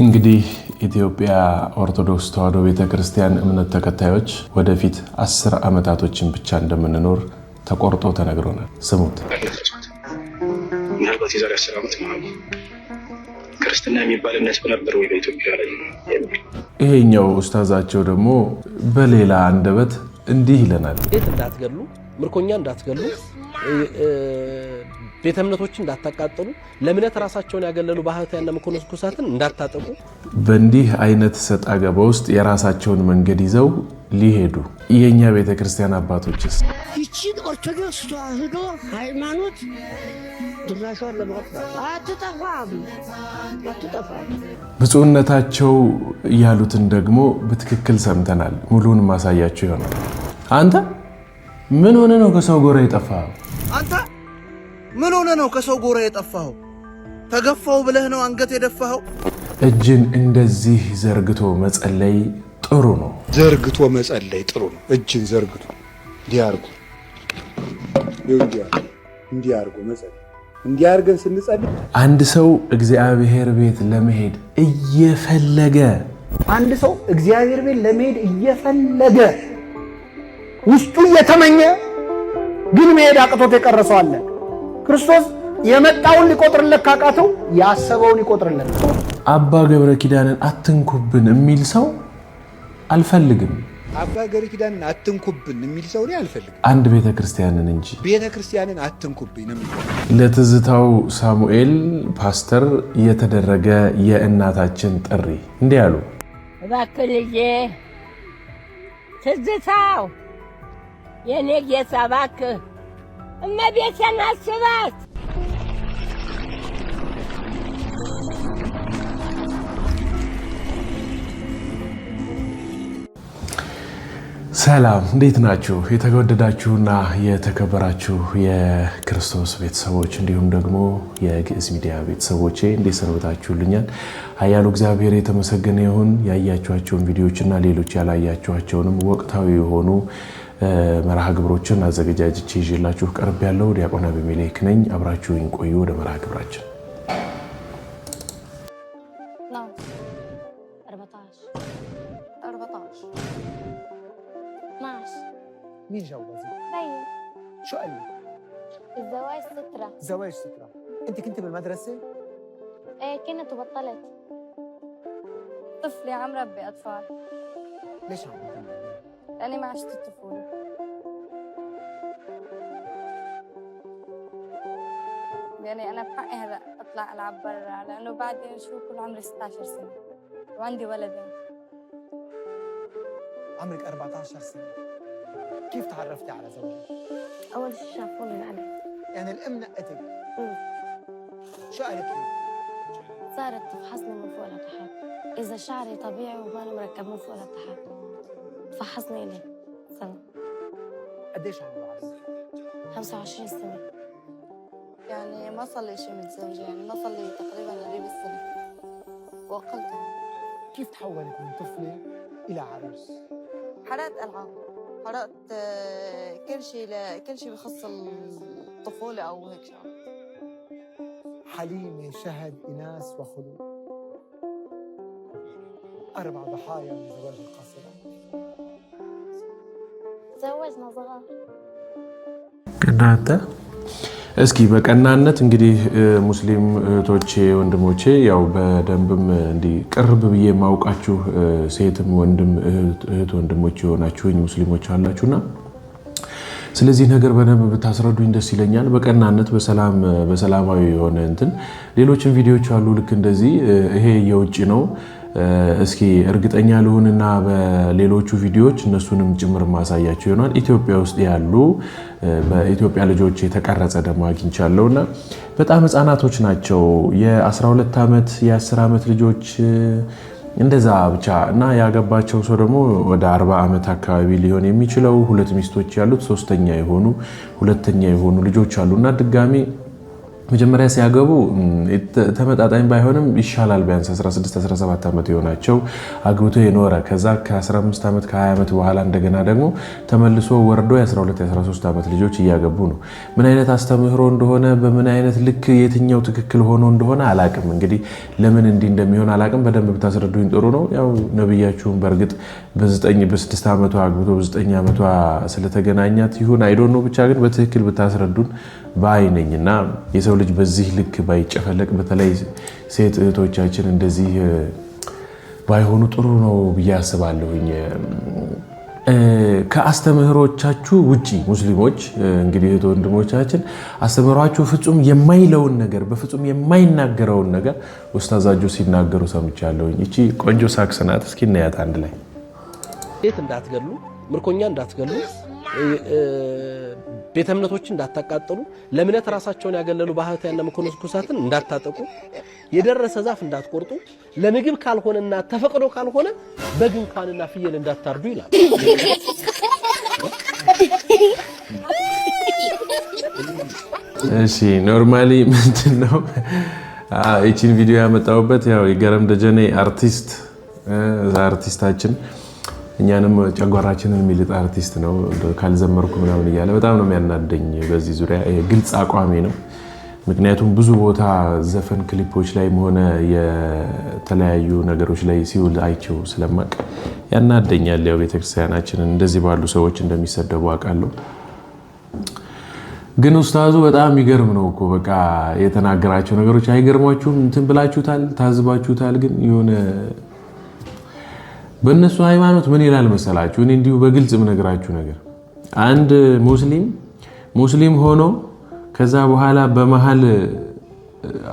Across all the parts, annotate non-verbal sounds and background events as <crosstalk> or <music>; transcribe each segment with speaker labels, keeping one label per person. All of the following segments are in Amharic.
Speaker 1: እንግዲህ ኢትዮጵያ ኦርቶዶክስ ተዋሕዶ ቤተ ክርስቲያን እምነት ተከታዮች ወደፊት አስር ዓመታቶችን ብቻ እንደምንኖር ተቆርጦ ተነግሮናል። ስሙት።
Speaker 2: ምናልባት የዛሬ አስር ዓመት ክርስትና የሚባል እምነት በነበር ወይ በኢትዮጵያ ላይ?
Speaker 1: ይሄኛው ኡስታዛቸው ደግሞ በሌላ አንደበት እንዲህ ይለናል።
Speaker 3: ቤት እንዳትገሉ፣ ምርኮኛ እንዳትገሉ ቤተ እምነቶችን እንዳታቃጥሉ፣ ለእምነት ራሳቸውን ያገለሉ ባህታውያንና መነኮሳትን እንዳታጠቁ።
Speaker 1: በእንዲህ አይነት ሰጣ ገባ ውስጥ የራሳቸውን መንገድ ይዘው ሊሄዱ የእኛ ቤተ ክርስቲያን አባቶችስ
Speaker 4: ይቺን ኦርቶዶክስ ተዋህዶ ሃይማኖት ድራሿን አትጠፋም አትጠፋም።
Speaker 1: ብፁዕነታቸው ያሉትን ደግሞ በትክክል ሰምተናል። ሙሉውን ማሳያቸው ይሆናል። አንተ ምን ሆነ ነው ከሰው ጎራ የጠፋ
Speaker 5: አንተ ምን ሆነ ነው ከሰው ጎራ የጠፋኸው? ተገፋው ብለህ ነው አንገት የደፋኸው?
Speaker 1: እጅን እንደዚህ ዘርግቶ መጸለይ ጥሩ ነው።
Speaker 6: ዘርግቶ መጸለይ ጥሩ ነው። እጅን ዘርግቶ እንዲያርጉ እንዲያርጉ መጸለይ እንዲያርገን ስንጸልይ
Speaker 1: አንድ ሰው እግዚአብሔር ቤት ለመሄድ እየፈለገ
Speaker 5: አንድ ሰው እግዚአብሔር ቤት ለመሄድ እየፈለገ ውስጡ እየተመኘ ግን መሄድ አቅቶት የቀረሰው አለ። ክርስቶስ የመጣውን ሊቆጥርለት ካቃተው ያሰበውን ይቆጥርለት።
Speaker 1: አባ ገብረ ኪዳንን አትንኩብን የሚል ሰው አልፈልግም።
Speaker 7: አባ ገብረ ኪዳንን አትንኩብን የሚል ሰው እኔ አልፈልግም።
Speaker 1: አንድ ቤተ ክርስቲያንን እንጂ
Speaker 7: ቤተ ክርስቲያንን አትንኩብኝ ነው።
Speaker 1: ለትዝታው ሳሙኤል ፓስተር የተደረገ የእናታችን ጥሪ እንዲህ አሉ።
Speaker 8: እባክህ ልጄ ትዝታው የኔ ጌታ እባክህ እመቤቴን አስባት።
Speaker 1: ሰላም እንዴት ናችሁ? የተወደዳችሁና የተከበራችሁ የክርስቶስ ቤተሰቦች እንዲሁም ደግሞ የግዕዝ ሚዲያ ቤተሰቦቼ እንዴት ሰንብታችሁልኛል? አያሉ እግዚአብሔር የተመሰገነ ይሁን። ያያችኋቸውን ቪዲዮዎችና ሌሎች ያላያችኋቸውንም ወቅታዊ የሆኑ መርሃ ግብሮችን አዘገጃጅቼ ይዤላችሁ ቀርብ ያለው ዲያቆን አቢሜሌክ ነኝ። አብራችሁኝ ቆዩ። ወደ መርሃ ግብራችን
Speaker 9: الزواج سترة
Speaker 10: زواج سترة انت كنت بالمدرسة؟
Speaker 9: ايه كنت وبطلت طفلة عم ربي اطفال
Speaker 10: ليش عم ربي؟
Speaker 9: لأني ما عشت الطفولة يعني أنا بحقي هلا أطلع ألعب برا لأنه بعدي شو كل عمري 16 سنة وعندي ولدين
Speaker 10: عمرك 14 سنة كيف تعرفتي على زوجك؟
Speaker 9: أول شيء شافوني أنا
Speaker 10: يعني الأم نقتك شو قالت لي؟
Speaker 9: صارت تفحصني من فوق لتحت إذا شعري طبيعي وما مركب من فوق لتحت فحصني لي سنة
Speaker 10: قديش عمره عز؟
Speaker 9: 25 سنة يعني ما صار لي شيء متزوجة يعني ما صار لي تقريبا قريب السنة وأقل
Speaker 10: كيف تحولت من طفلة إلى عروس؟
Speaker 9: حرقت ألعاب حرقت آه، كل شيء ل... كل شيء بخص الطفولة أو هيك شغلة
Speaker 10: حليمة شهد إناس وخلود أربع ضحايا من زواج القصر
Speaker 1: ቅናተ እስኪ በቀናነት እንግዲህ ሙስሊም እህቶቼ ወንድሞቼ፣ ያው በደንብም እንዲህ ቅርብ ብዬ የማውቃችሁ ሴትም ወንድም እህት ወንድሞች የሆናችሁኝ ሙስሊሞች አላችሁና ስለዚህ ነገር በደንብ ብታስረዱኝ ደስ ይለኛል። በቀናነት በሰላማዊ የሆነ እንትን ሌሎችን ቪዲዮዎች አሉ ልክ እንደዚህ ይሄ የውጭ ነው እስኪ እርግጠኛ ልሁንና በሌሎቹ ቪዲዮዎች እነሱንም ጭምር ማሳያቸው ይሆናል። ኢትዮጵያ ውስጥ ያሉ በኢትዮጵያ ልጆች የተቀረጸ ደግሞ አግኝቻለሁ እና በጣም ህፃናቶች ናቸው የ12 ዓመት የ10 ዓመት ልጆች እንደዛ ብቻ እና ያገባቸው ሰው ደግሞ ወደ አርባ ዓመት አካባቢ ሊሆን የሚችለው ሁለት ሚስቶች ያሉት ሶስተኛ የሆኑ ሁለተኛ የሆኑ ልጆች አሉ እና ድጋሚ መጀመሪያ ሲያገቡ ተመጣጣኝ ባይሆንም ይሻላል። ቢያንስ 16 17 ዓመት የሆናቸው አግብቶ የኖረ ከዛ ከ15 ዓመት ከ20 ዓመት በኋላ እንደገና ደግሞ ተመልሶ ወርዶ የ12 13 ዓመት ልጆች እያገቡ ነው። ምን አይነት አስተምህሮ እንደሆነ በምን አይነት ልክ የትኛው ትክክል ሆኖ እንደሆነ አላቅም። እንግዲህ ለምን እንዲህ እንደሚሆን አላቅም። በደንብ ብታስረዱኝ ጥሩ ነው። ያው ነብያችሁን በእርግጥ በ9 በ6 ዓመቷ አግብቶ በ9 ዓመቷ ስለተገናኛት ይሁን ነው። ብቻ ግን በትክክል ብታስረዱን ባይ እና የሰው ልጅ በዚህ ልክ ባይጨፈለቅ፣ በተለይ ሴት እህቶቻችን እንደዚህ ባይሆኑ ጥሩ ነው ብዬ አስባለሁኝ። ከአስተምህሮቻችሁ ውጪ ሙስሊሞች እንግዲህ እህት ወንድሞቻችን አስተምህሯችሁ ፍጹም የማይለውን ነገር በፍጹም የማይናገረውን ነገር ኡስታዛችሁ ሲናገሩ ሰምቻለሁኝ። እቺ ቆንጆ ሳክስ ናት። እስኪ እናያት አንድ ላይ።
Speaker 3: ት እንዳትገሉ፣ ምርኮኛ እንዳትገሉ ቤተ እምነቶችን እንዳታቃጥሉ፣ ለእምነት ራሳቸውን ያገለሉ ባህታውያንና ኩሳትን እንዳታጠቁ፣ የደረሰ ዛፍ እንዳትቆርጡ፣ ለምግብ ካልሆነና ተፈቅዶ ካልሆነ በግ እንኳንና ፍየል እንዳታርዱ ይላል።
Speaker 1: እሺ ኖርማሊ ምንድን ነው ይችን ቪዲዮ ያመጣውበት ያው የገረም ደጀኔ አርቲስት አርቲስታችን እኛንም ጨጓራችንን የሚልጥ አርቲስት ነው ካልዘመርኩ ምናምን እያለ በጣም ነው የሚያናደኝ። በዚህ ዙሪያ ግልጽ አቋሚ ነው። ምክንያቱም ብዙ ቦታ ዘፈን ክሊፖች ላይም ሆነ የተለያዩ ነገሮች ላይ ሲውል አይቼው ስለማቅ ያናደኛል። ያው ቤተክርስቲያናችንን እንደዚህ ባሉ ሰዎች እንደሚሰደቡ አውቃለሁ። ግን ኡስታዙ በጣም የሚገርም ነው እኮ በቃ የተናገራቸው ነገሮች አይገርሟችሁም? እንትን ብላችሁታል፣ ታዝባችሁታል። ግን የሆነ በእነሱ ሃይማኖት ምን ይላል መሰላችሁ? እኔ እንዲሁ በግልጽ የምነግራችሁ ነገር አንድ ሙስሊም ሙስሊም ሆኖ ከዛ በኋላ በመሃል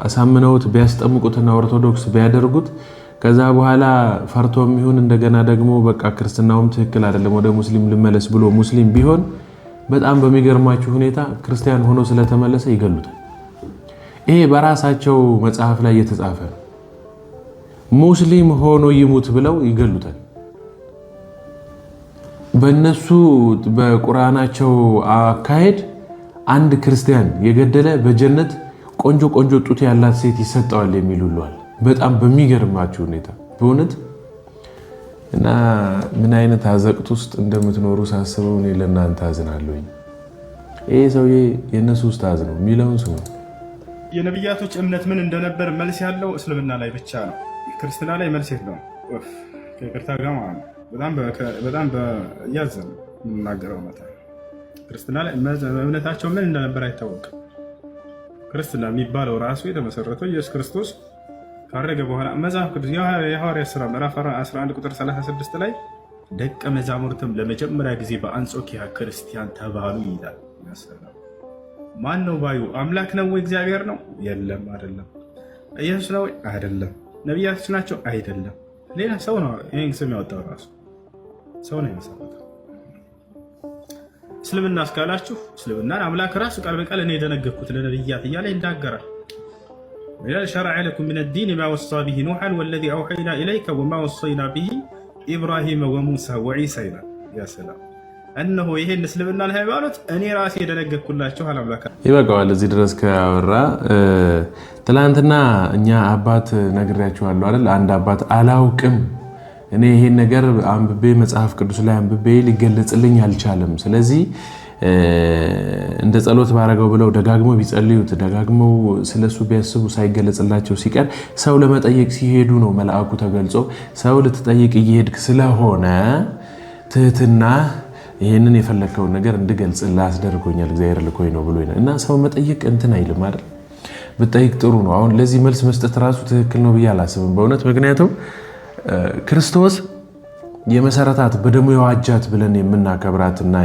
Speaker 1: አሳምነውት ቢያስጠምቁትና ኦርቶዶክስ ቢያደርጉት ከዛ በኋላ ፈርቶ የሚሆን እንደገና ደግሞ በቃ ክርስትናውም ትክክል አይደለም ወደ ሙስሊም ልመለስ ብሎ ሙስሊም ቢሆን በጣም በሚገርማችሁ ሁኔታ ክርስቲያን ሆኖ ስለተመለሰ ይገሉታል። ይሄ በራሳቸው መጽሐፍ ላይ የተጻፈ ነው። ሙስሊም ሆኖ ይሙት ብለው ይገሉታል። በእነሱ በቁርአናቸው አካሄድ አንድ ክርስቲያን የገደለ በጀነት ቆንጆ ቆንጆ ጡት ያላት ሴት ይሰጠዋል የሚሉ በጣም በሚገርማችሁ ሁኔታ በእውነት እና ምን አይነት አዘቅት ውስጥ እንደምትኖሩ ሳስበው እኔ ለእናንተ አዝናለሁኝ። ይህ ሰውዬ የእነሱ ኡስታዝ ነው የሚለውን ሰው
Speaker 11: የነቢያቶች እምነት ምን እንደነበር መልስ ያለው እስልምና ላይ ብቻ ነው። ክርስትና ላይ መልስ የለውም። ከቅርታ ጋር ማለት ነው። በጣም እያዘ የምናገረው እውነታ። ክርስትና ላይ እምነታቸው ምን እንደነበር አይታወቅም። ክርስትና የሚባለው ራሱ የተመሰረተው ኢየሱስ ክርስቶስ ካረገ በኋላ መጽሐፍ ቅዱስ የሐዋርያት ስራ ምዕራፍ 11 ቁጥር 36 ላይ ደቀ መዛሙርትም ለመጀመሪያ ጊዜ በአንጾኪያ ክርስቲያን ተባሉ ይላል። ማን ነው ባዩ? አምላክ ነው ወይ? እግዚአብሔር ነው? የለም፣ አይደለም። ኢየሱስ ነው? አይደለም ነቢያቶች ናቸው አይደለም። ሌላ ሰው ነው ይህን ስም ያወጣው ራሱ ሰው ነው የመሰረተው። እስልምና እስካላችሁ እስልምናን አምላክ ራሱ ቃል በቃል እኔ የደነገግኩት ለነብያት እያለ ይናገራል። ይላል ሸረዐ ለኩም ሚነ ዲን ማ ወሳ ብሂ ኑሐን ወለዚ አውሐይና ኢለይከ ወማ ወሰይና ብሂ ኢብራሂመ ወሙሳ ወዒሳ ይላል። ያ ሰላም እነሆ ይሄን እስልምናን ሃይማኖት እኔ ራሴ የደነገግኩላቸው አላምላካ።
Speaker 1: ይበቃዋል። እዚህ ድረስ ከያወራ ትላንትና እኛ አባት ነግሬያችኋለሁ አይደል? አንድ አባት አላውቅም እኔ ይሄን ነገር አንብቤ መጽሐፍ ቅዱስ ላይ አንብቤ ሊገለጽልኝ አልቻለም። ስለዚህ እንደ ጸሎት ባረገው ብለው ደጋግመው ቢጸልዩት ደጋግመው ስለሱ ቢያስቡ ሳይገለጽላቸው ሲቀር ሰው ለመጠየቅ ሲሄዱ ነው መልአኩ ተገልጾ ሰው ልትጠይቅ እየሄድክ ስለሆነ ትህትና ይህንን የፈለግከውን ነገር እንድገልጽ ላስደርጎኛል እግዚአብሔር ልኮኝ ነው ብሎ እና ሰው መጠየቅ እንትን አይልም አይደል? ብጠይቅ ጥሩ ነው። አሁን ለዚህ መልስ መስጠት ራሱ ትክክል ነው ብዬ አላስብም በእውነት ምክንያቱም ክርስቶስ የመሰረታት በደሙ የዋጃት ብለን የምናከብራትና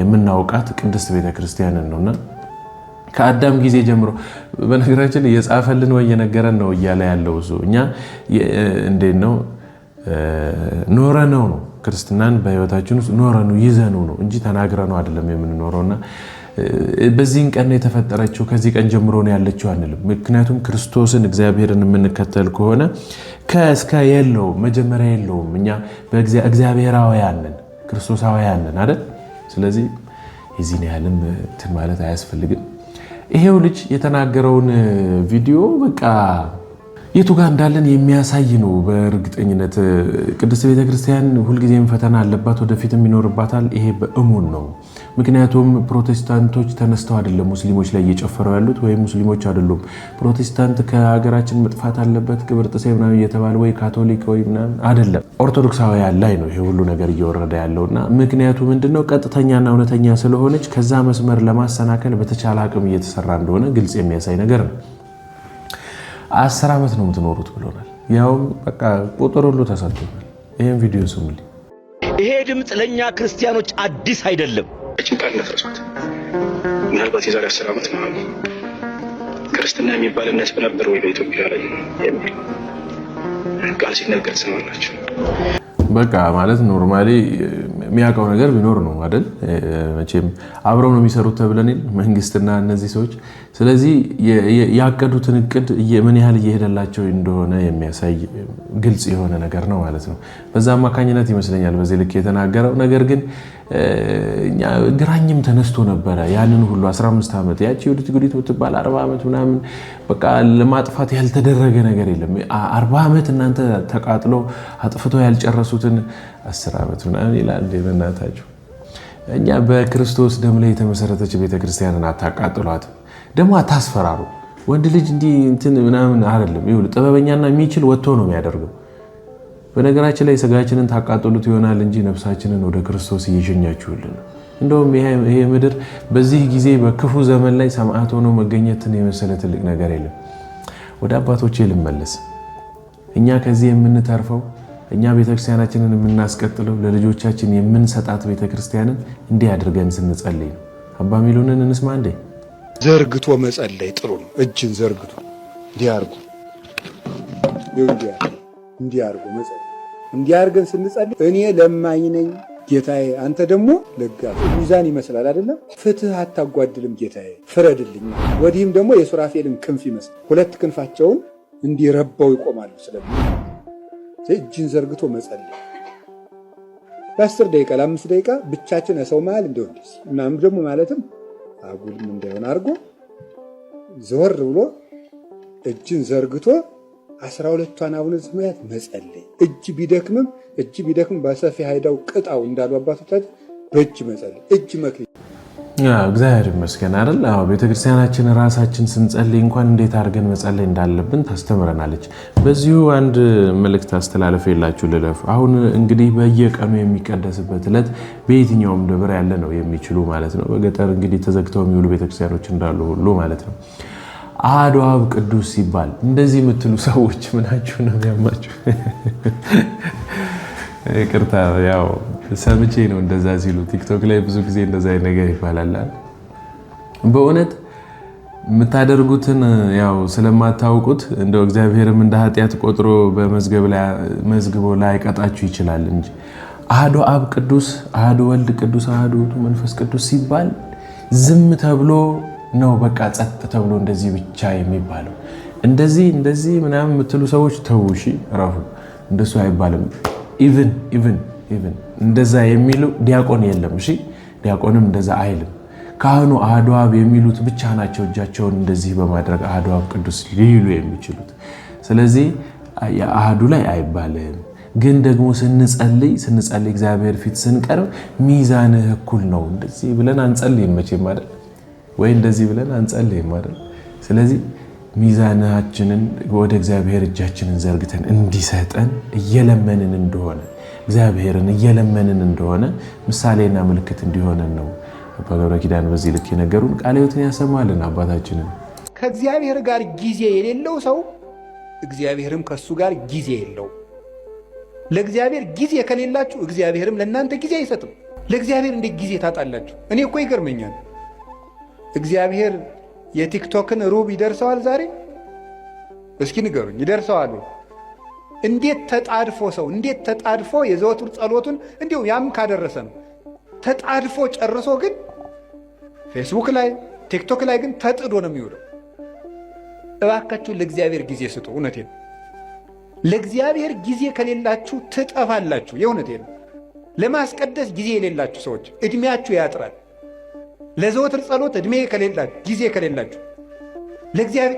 Speaker 1: የምናውቃት ቅድስት ቤተ ክርስቲያንን ነውና ከአዳም ጊዜ ጀምሮ በነገራችን የጻፈልን ወይ የነገረን ነው እያለ ያለው እሱ እኛ እንዴት ነው ኖረ ነው ነው ክርስትናን በህይወታችን ውስጥ ኖረኑ ይዘኑ ነው እንጂ ተናግረ ነው አይደለም እና በዚህን ቀን የተፈጠረችው ከዚህ ቀን ጀምሮ ነው ያለችው አንልም። ምክንያቱም ክርስቶስን እግዚአብሔርን የምንከተል ከሆነ ከእስከ የለውም መጀመሪያ የለውም። እኛ እግዚአብሔራውያንን ክርስቶሳውያንን አይደል? ስለዚህ የዚህን ያህልም እንትን ማለት አያስፈልግም። ይሄው ልጅ የተናገረውን ቪዲዮ በቃ የቱ ጋር እንዳለን የሚያሳይ ነው። በእርግጠኝነት ቅድስት ቤተክርስቲያን ሁልጊዜም ፈተና አለባት፣ ወደፊትም ይኖርባታል። ይሄ በእሙን ነው። ምክንያቱም ፕሮቴስታንቶች ተነስተው አይደለም ሙስሊሞች ላይ እየጨፈረው ያሉት ወይም ሙስሊሞች አይደሉም። ፕሮቴስታንት ከሀገራችን መጥፋት አለበት ክብር ጥሴ ምናምን እየተባለ ወይ ካቶሊክ ወይ ምናምን አይደለም፣ ኦርቶዶክሳውያን ላይ ነው ይሄ ሁሉ ነገር እየወረደ ያለው እና ምክንያቱ ምንድነው? ቀጥተኛና እውነተኛ ስለሆነች ከዛ መስመር ለማሰናከል በተቻለ አቅም እየተሰራ እንደሆነ ግልጽ የሚያሳይ ነገር ነው። አስር ዓመት ነው የምትኖሩት ብሎናል። ያውም በቃ ቁጥር ሁሉ ተሰጥቶናል። ይህም ቪዲዮ ስሙል።
Speaker 12: ይሄ ድምፅ ለእኛ ክርስቲያኖች አዲስ አይደለም።
Speaker 2: ጭንቃል ነፈርሷት ምናልባት የዛሬ አስር ዓመት ነው ክርስትና የሚባል እምነት በነበር ወይ በኢትዮጵያ ላይ የሚል ቃል ሲነገር ሰማናቸው።
Speaker 1: በቃ ማለት ኖርማሊ የሚያውቀው ነገር ቢኖር ነው አይደል? መቼም አብረው ነው የሚሰሩት ተብለን መንግስትና እነዚህ ሰዎች። ስለዚህ ያቀዱትን እቅድ ምን ያህል እየሄደላቸው እንደሆነ የሚያሳይ ግልጽ የሆነ ነገር ነው ማለት ነው። በዛ አማካኝነት ይመስለኛል በዚህ ልክ የተናገረው ነገር ግን ግራኝም ተነስቶ ነበረ። ያንን ሁሉ 15 ዓመት ያቺ ወዲት ጉዲት የምትባል 40 ዓመት ምናምን በቃ ለማጥፋት ያልተደረገ ነገር የለም። 40 ዓመት እናንተ ተቃጥሎ አጥፍቶ ያልጨረሱትን 10 ዓመት ምናምን ይላል። እናታችሁ እኛ በክርስቶስ ደም ላይ የተመሰረተች ቤተክርስቲያንን አታቃጥሏት፣ ደግሞ አታስፈራሩ። ወንድ ልጅ እንዲህ እንትን ምናምን አይደለም። ጥበበኛና የሚችል ወጥቶ ነው የሚያደርገው በነገራችን ላይ ስጋችንን ታቃጥሉት ይሆናል እንጂ ነፍሳችንን ወደ ክርስቶስ እየሸኛችሁልን። እንደውም ይሄ ምድር በዚህ ጊዜ በክፉ ዘመን ላይ ሰማዕት ሆኖ መገኘትን የመሰለ ትልቅ ነገር የለም። ወደ አባቶቼ ልመለስ። እኛ ከዚህ የምንተርፈው እኛ ቤተክርስቲያናችንን የምናስቀጥለው ለልጆቻችን የምንሰጣት ቤተክርስቲያንን እንዲህ አድርገን ስንጸልይ ነው። አባ ሚሉንን እንስማ እንዴ።
Speaker 6: ዘርግቶ መጸለይ ጥሩ ነው። እጅን ዘርግቶ እንዲህ አድርጉ እንዲያርጉ መጸለይ እንዲያርገን ስንጸልይ እኔ ለማኝ ነኝ ጌታዬ፣ አንተ ደግሞ ለጋ ሚዛን ይመስላል አይደለም። ፍትህ አታጓድልም ጌታዬ፣ ፍረድልኝ። ወዲህም ደግሞ የሱራፌልን ክንፍ ይመስል ሁለት ክንፋቸውን እንዲረባው ይቆማሉ። ስለሚ እጅን ዘርግቶ መጸለይ ለአስር ደቂቃ ለአምስት ደቂቃ ብቻችን ሰው መሃል እንዲሆን እናም ደግሞ ማለትም አጉልም እንዳይሆን አድርጎ ዘወር ብሎ እጅን ዘርግቶ አስራ ሁለቷን አቡነ ዘበሰማያት መጸለይ እጅ ቢደክምም እጅ ቢደክም በሰፊ ሀይዳው ቅጣው እንዳሉ አባቶቻችን በእጅ መጸለይ እጅ መክ
Speaker 1: እግዚአብሔር ይመስገን አይደል? አዎ ቤተክርስቲያናችን ራሳችን ስንጸልይ እንኳን እንዴት አድርገን መጸለይ እንዳለብን ታስተምረናለች። በዚሁ አንድ መልእክት አስተላለፍ የላችሁ ልለፍ። አሁን እንግዲህ በየቀኑ የሚቀደስበት ዕለት በየትኛውም ደብር ያለ ነው የሚችሉ ማለት ነው። በገጠር እንግዲህ ተዘግተው የሚውሉ ቤተክርስቲያኖች እንዳሉ ሁሉ ማለት ነው አሐዱ አብ ቅዱስ ሲባል እንደዚህ የምትሉ ሰዎች ምናችሁ ነው የሚያማችሁ? ይቅርታ ያው ሰምቼ ነው እንደዛ ሲሉ ቲክቶክ ላይ ብዙ ጊዜ እንደዛ ነገር ይባላል። በእውነት የምታደርጉትን ያው ስለማታውቁት እንደው እግዚአብሔርም እንደ ኃጢአት ቆጥሮ በመዝግቦ ላይ ቀጣችሁ ይችላል እንጂ አሐዱ አብ ቅዱስ፣ አሐዱ ወልድ ቅዱስ፣ አሐዱ መንፈስ ቅዱስ ሲባል ዝም ተብሎ ነው በቃ ጸጥ ተብሎ እንደዚህ ብቻ የሚባለው። እንደዚህ እንደዚህ ምናምን የምትሉ ሰዎች ተው፣ እሺ እረፉ። እንደሱ አይባልም። ኢቭን ኢቭን ኢቭን እንደዛ የሚሉ ዲያቆን የለም። እሺ ዲያቆንም እንደዛ አይልም። ካህኑ አህዶአብ የሚሉት ብቻ ናቸው እጃቸውን እንደዚህ በማድረግ አህዶአብ ቅዱስ ሊሉ የሚችሉት። ስለዚህ የአህዱ ላይ አይባልም። ግን ደግሞ ስንጸልይ ስንጸልይ እግዚአብሔር ፊት ስንቀርብ ሚዛንህ እኩል ነው እንደዚህ ብለን አንጸልይም መቼም አይደል ወይ እንደዚህ ብለን አንጸልይም አይደል? ስለዚህ ሚዛናችንን ወደ እግዚአብሔር እጃችንን ዘርግተን እንዲሰጠን እየለመንን እንደሆነ እግዚአብሔርን እየለመንን እንደሆነ ምሳሌና ምልክት እንዲሆነን ነው አባ ገብረ ኪዳን በዚህ ልክ የነገሩን። ቃለ ሕይወትን ያሰማልን አባታችንን።
Speaker 13: ከእግዚአብሔር ጋር ጊዜ የሌለው ሰው እግዚአብሔርም ከእሱ ጋር ጊዜ የለው። ለእግዚአብሔር ጊዜ ከሌላችሁ እግዚአብሔርም ለእናንተ ጊዜ አይሰጥም። ለእግዚአብሔር እንዴት ጊዜ ታጣላችሁ? እኔ እኮ ይገርመኛል። እግዚአብሔር የቲክቶክን ሩብ ይደርሰዋል ዛሬ? እስኪ ንገሩኝ፣ ይደርሰዋሉ? እንዴት ተጣድፎ ሰው እንዴት ተጣድፎ የዘወትር ጸሎቱን እንዲሁም ያም ካደረሰ ነው ተጣድፎ ጨርሶ፣ ግን ፌስቡክ ላይ ቲክቶክ ላይ ግን ተጥዶ ነው የሚውለው። እባካችሁ ለእግዚአብሔር ጊዜ ስጡ። እውነቴ ነው። ለእግዚአብሔር ጊዜ ከሌላችሁ ትጠፋላችሁ። የእውነቴ ነው። ለማስቀደስ ጊዜ የሌላችሁ ሰዎች እድሜያችሁ ያጥራል። ለዘወትር ጸሎት እድሜ ከሌላችሁ ጊዜ ከሌላችሁ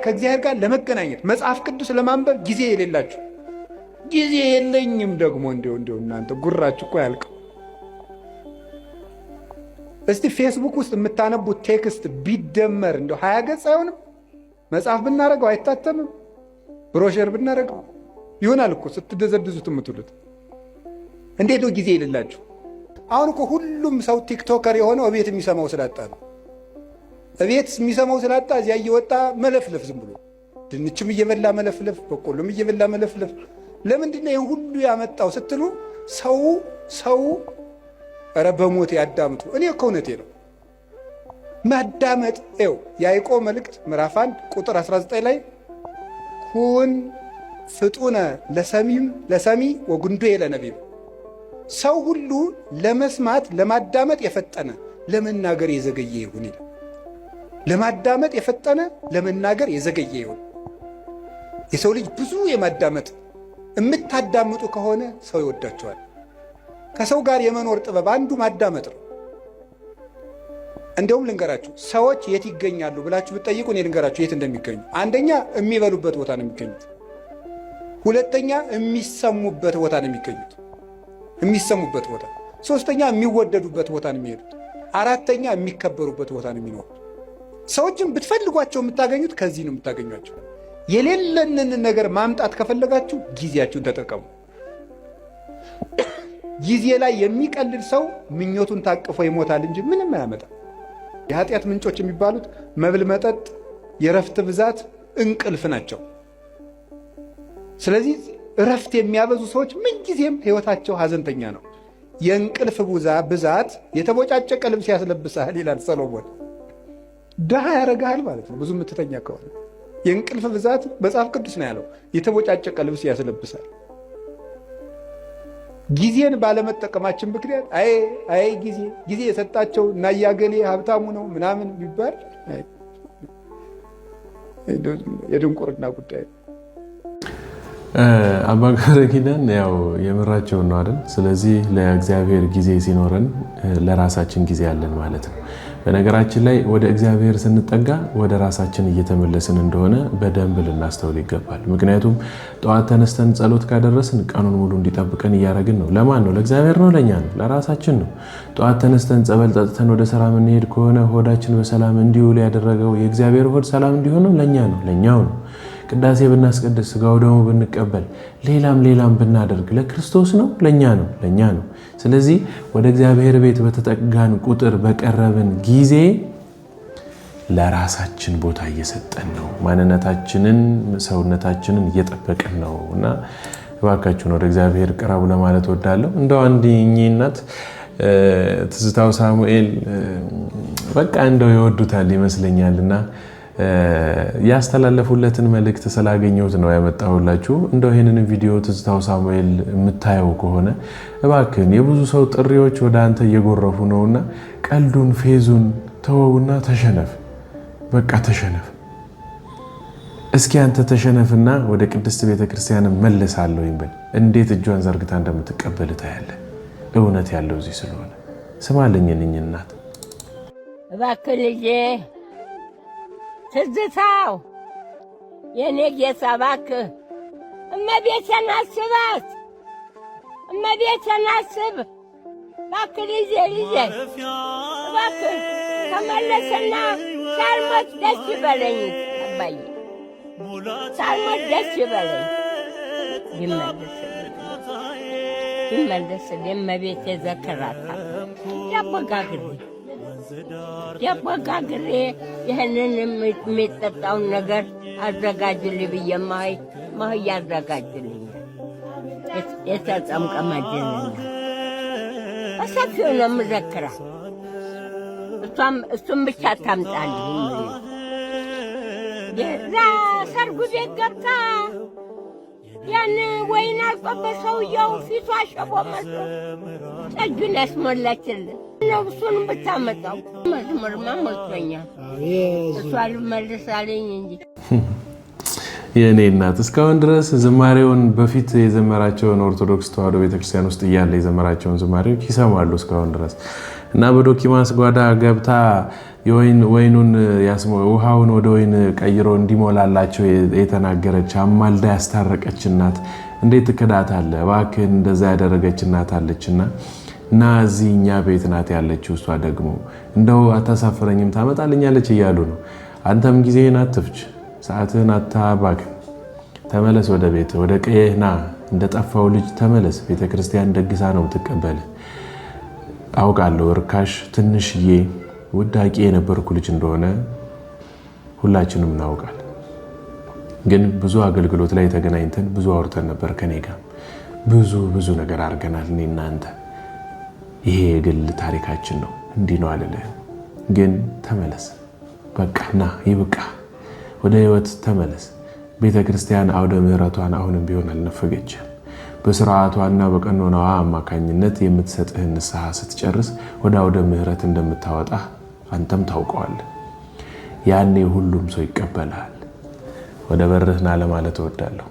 Speaker 13: ከእግዚአብሔር ጋር ለመገናኘት መጽሐፍ ቅዱስ ለማንበብ ጊዜ የሌላችሁ ጊዜ የለኝም ደግሞ እንዲሁ እንዲሁ እናንተ ጉራችሁ እኮ ያልቀው። እስቲ ፌስቡክ ውስጥ የምታነቡት ቴክስት ቢደመር እንደው ሀያ ገጽ አይሆንም። መጽሐፍ ብናደርገው አይታተምም። ብሮሸር ብናደረገው ይሆናል እኮ ስትደዘድዙት የምትሉት። እንዴት ነው ጊዜ የሌላችሁ? አሁን እኮ ሁሉም ሰው ቲክቶከር የሆነው እቤት የሚሰማው ስላጣ ነው። እቤት የሚሰማው ስላጣ እዚያ እየወጣ መለፍለፍ፣ ዝም ብሎ ድንችም እየበላ መለፍለፍ፣ በቆሎም እየበላ መለፍለፍ። ለምንድን ነው ይህን ሁሉ ያመጣው ስትሉ ሰው ሰው ኧረ በሞቴ ያዳምጡ እኔ እውነቴ ነው ማዳመጥ ው የያዕቆብ መልእክት ምዕራፍ 1 ቁጥር 19 ላይ ሁን ፍጡነ ለሰሚም ለሰሚ ወጉንዶ ለነቢም። ሰው ሁሉ ለመስማት ለማዳመጥ የፈጠነ ለመናገር የዘገየ ይሁን ይላል። ለማዳመጥ የፈጠነ ለመናገር የዘገየ ይሁን። የሰው ልጅ ብዙ የማዳመጥ የምታዳምጡ ከሆነ ሰው ይወዳቸዋል። ከሰው ጋር የመኖር ጥበብ አንዱ ማዳመጥ ነው። እንደውም ልንገራችሁ፣ ሰዎች የት ይገኛሉ ብላችሁ ብትጠይቁ እኔ ልንገራችሁ የት እንደሚገኙ። አንደኛ የሚበሉበት ቦታ ነው የሚገኙት። ሁለተኛ የሚሰሙበት ቦታ ነው የሚገኙት። የሚሰሙበት ቦታ፣ ሶስተኛ የሚወደዱበት ቦታ ነው የሚሄዱት፣ አራተኛ የሚከበሩበት ቦታ ነው የሚኖሩት። ሰዎችን ብትፈልጓቸው የምታገኙት ከዚህ ነው የምታገኟቸው። የሌለንን ነገር ማምጣት ከፈለጋችሁ ጊዜያችሁን ተጠቀሙ። ጊዜ ላይ የሚቀልድ ሰው ምኞቱን ታቅፎ ይሞታል እንጂ ምንም አያመጣም። የኃጢአት ምንጮች የሚባሉት መብል፣ መጠጥ፣ የረፍት ብዛት፣ እንቅልፍ ናቸው። ስለዚህ እረፍት የሚያበዙ ሰዎች ምንጊዜም ህይወታቸው ሀዘንተኛ ነው። የእንቅልፍ ቡዛ ብዛት የተቦጫጨቀ ልብስ ያስለብሳል ይላል ሰሎሞን። ድሃ ያደርግሃል ማለት ነው። ብዙ የምትተኛ ከሆነ የእንቅልፍ ብዛት መጽሐፍ ቅዱስ ነው ያለው፣ የተቦጫጨቀ ልብስ ያስለብሳል። ጊዜን ባለመጠቀማችን ምክንያት አይ አይ ጊዜ ጊዜ የሰጣቸው እና እያገሌ ሀብታሙ ነው ምናምን ቢባል የድንቁርና ጉዳይ ነው።
Speaker 1: አባ ገብረ ኪዳን ያው የምራቸውን ነው አይደል? ስለዚህ ለእግዚአብሔር ጊዜ ሲኖረን ለራሳችን ጊዜ አለን ማለት ነው። በነገራችን ላይ ወደ እግዚአብሔር ስንጠጋ ወደ ራሳችን እየተመለስን እንደሆነ በደንብ ልናስተውል ይገባል። ምክንያቱም ጠዋት ተነስተን ጸሎት ካደረስን ቀኑን ሙሉ እንዲጠብቀን እያደረግን ነው። ለማን ነው? ለእግዚአብሔር ነው? ለእኛ ነው? ለራሳችን ነው። ጠዋት ተነስተን ጸበል ጠጥተን ወደ ስራ የምንሄድ ከሆነ ሆዳችን በሰላም እንዲውል ያደረገው የእግዚአብሔር ሆድ ሰላም እንዲሆነው ለእኛ ነው፣ ለእኛው ነው። ቅዳሴ ብናስቀድስ ስጋው ደግሞ ብንቀበል ሌላም ሌላም ብናደርግ ለክርስቶስ ነው፣ ለእኛ ነው፣ ለእኛ ነው። ስለዚህ ወደ እግዚአብሔር ቤት በተጠጋን ቁጥር በቀረብን ጊዜ ለራሳችን ቦታ እየሰጠን ነው። ማንነታችንን፣ ሰውነታችንን እየጠበቅን ነው እና እባካችሁን ወደ እግዚአብሔር ቅረቡ ለማለት ወዳለሁ እንደው አንድ እኚህ እናት ትዝታው ሳሙኤል በቃ እንደው ይወዱታል ይመስለኛልና ያስተላለፉለትን መልእክት ስላገኘሁት ነው ያመጣሁላችሁ። እንደው ይህንን ቪዲዮ ትዝታው ሳሙኤል የምታየው ከሆነ እባክን የብዙ ሰው ጥሪዎች ወደ አንተ እየጎረፉ ነውና ቀልዱን ፌዙን ተወውና ተሸነፍ፣ በቃ ተሸነፍ። እስኪ አንተ ተሸነፍና ወደ ቅድስት ቤተ ክርስቲያን መለሳለሁ ይበል። እንዴት እጇን ዘርግታ እንደምትቀበል ታያለህ። እውነት ያለው እዚህ ስለሆነ ስማልኝንኝ እናት
Speaker 8: እባክህ ልጄ ትዝታው የእኔ ጌታ እባክህ እመቤቴን አስባት፣ እመቤቴን አስብ እባክህ ልጄ ልጄ እባክህ ተመለስና ሳልሞት ደስ ይበለኝ፣ አባዬ ሳልሞት ደስ ይበለኝ። ይመለስልኝ ይመለስልኝ። እመቤቴ ዘከራታ ያበጋግልኝ ጨቆቃ ግሬ ይህንን የሚጠጣውን ነገር አዘጋጅልኝ ብዬ ማይ ማህያ አዘጋጅልኛል። የተጸምቀ መድንና በሰፊው ነው የምዘክራ። እሱም ብቻ ታምጣልኝ ዛ ሰርጉ ቤት ገብታ ያን ወይን አልቆበት ሰውየው ፊቱ አሸቦ መስሎ ጠጁን ያስሞላችልን ነው። እሱን ብታመጣው መዝሙርማ ሞልቶኛል። እሱ ልመልስ እንጂ
Speaker 1: የእኔ እናት እስካሁን ድረስ ዝማሬውን በፊት የዘመራቸውን ኦርቶዶክስ ተዋህዶ ቤተክርስቲያን ውስጥ እያለ የዘመራቸውን ዝማሬዎች ይሰማሉ እስካሁን ድረስ እና በዶኪማስ ጓዳ ገብታ ወይኑን ውሃውን ወደ ወይን ቀይሮ እንዲሞላላቸው የተናገረች አማልዳ ያስታረቀች እናት እንዴት ትክዳታለህ? እባክህን እንደዛ ያደረገች እናት አለችና እና እዚህ እኛ ቤት ናት ያለችው። እሷ ደግሞ እንደው አታሳፍረኝም ታመጣልኛለች እያሉ ነው። አንተም ጊዜህን አትፍጅ፣ ሰዓትህን አታባክ፣ ተመለስ ወደ ቤት ወደ ቀየህና እንደጠፋው ልጅ ተመለስ። ቤተክርስቲያን ደግሳ ነው ትቀበል። አውቃለሁ እርካሽ ትንሽዬ ወዳቂ የነበርኩ ልጅ እንደሆነ ሁላችንም እናውቃል። ግን ብዙ አገልግሎት ላይ ተገናኝተን ብዙ አውርተን ነበር። ከኔ ጋር ብዙ ብዙ ነገር አድርገናል። እኔ እናንተ ይሄ የግል ታሪካችን ነው። እንዲህ ነው አልልህም። ግን ተመለስ፣ በቃ ና ይብቃ፣ ወደ ህይወት ተመለስ። ቤተ ክርስቲያን አውደ ምሕረቷን አሁንም ቢሆን አልነፈገችም። በስርዓቷና በቀኖናዋ አማካኝነት የምትሰጥህን ንስሐ ስትጨርስ ወደ አውደ ምሕረት እንደምታወጣ አንተም ታውቀዋለህ። ያኔ ሁሉም ሰው ይቀበልሃል። ወደ በርህና ለማለት እወዳለሁ።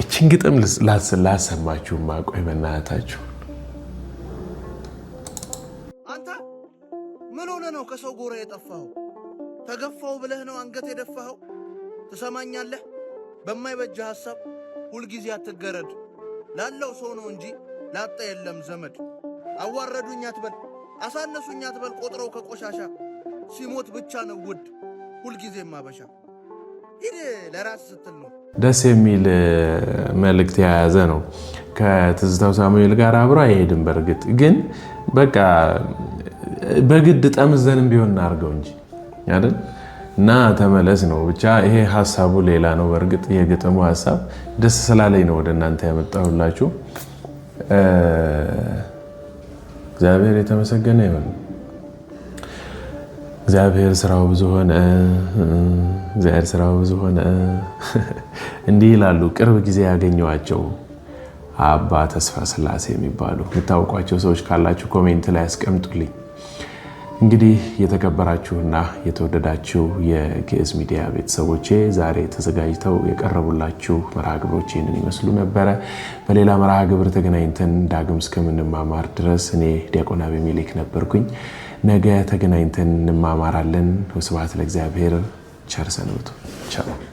Speaker 1: እችን ግጥም ላሰማችሁ ማቆይ መናያታችሁ
Speaker 5: አንተ ምን ሆነ ነው ከሰው ጎረ የጠፋኸው? ተገፋው ብለህ ነው አንገት የደፋኸው? ትሰማኛለህ? በማይበጅ ሐሳብ ሁልጊዜ አትገረድ። ላለው ሰው ነው እንጂ ላጣ የለም ዘመድ። አዋረዱኝ አትበል። አሳነሱኛ ትበል ቆጥረው ከቆሻሻ ሲሞት ብቻ ነው ውድ ሁልጊዜም ማበሻ ሂድ ለራስ ስትል ነው።
Speaker 1: ደስ የሚል መልእክት የያዘ ነው። ከትዝታው ሳሙኤል ጋር አብሮ አይሄድም። በእርግጥ ግን በቃ በግድ ጠምዘንም ቢሆን እናድርገው እንጂ አይደል እና ተመለስ ነው ብቻ። ይሄ ሀሳቡ ሌላ ነው። በእርግጥ የግጥሙ ሀሳብ ደስ ስላለኝ ነው ወደ እናንተ ያመጣሁላችሁ። እግዚአብሔር የተመሰገነ ይሁን። እግዚአብሔር ስራው ብዙ ሆነ፣ እግዚአብሔር ስራው ብዙ ሆነ። <laughs> እንዲህ ይላሉ ቅርብ ጊዜ ያገኘዋቸው አባ ተስፋ ስላሴ የሚባሉ የምታውቋቸው ሰዎች ካላችሁ ኮሜንት ላይ ያስቀምጡልኝ። እንግዲህ የተከበራችሁና የተወደዳችሁ የግዕዝ ሚዲያ ቤተሰቦቼ ዛሬ ተዘጋጅተው የቀረቡላችሁ መርሃ ግብሮች ይህንን ይመስሉ ነበረ። በሌላ መርሃ ግብር ተገናኝተን ዳግም እስከምንማማር ድረስ እኔ ዲያቆን አቤሜሌክ ነበርኩኝ። ነገ ተገናኝተን እንማማራለን። ስብሐት ለእግዚአብሔር። ቸር ሰንብቱ። ቻው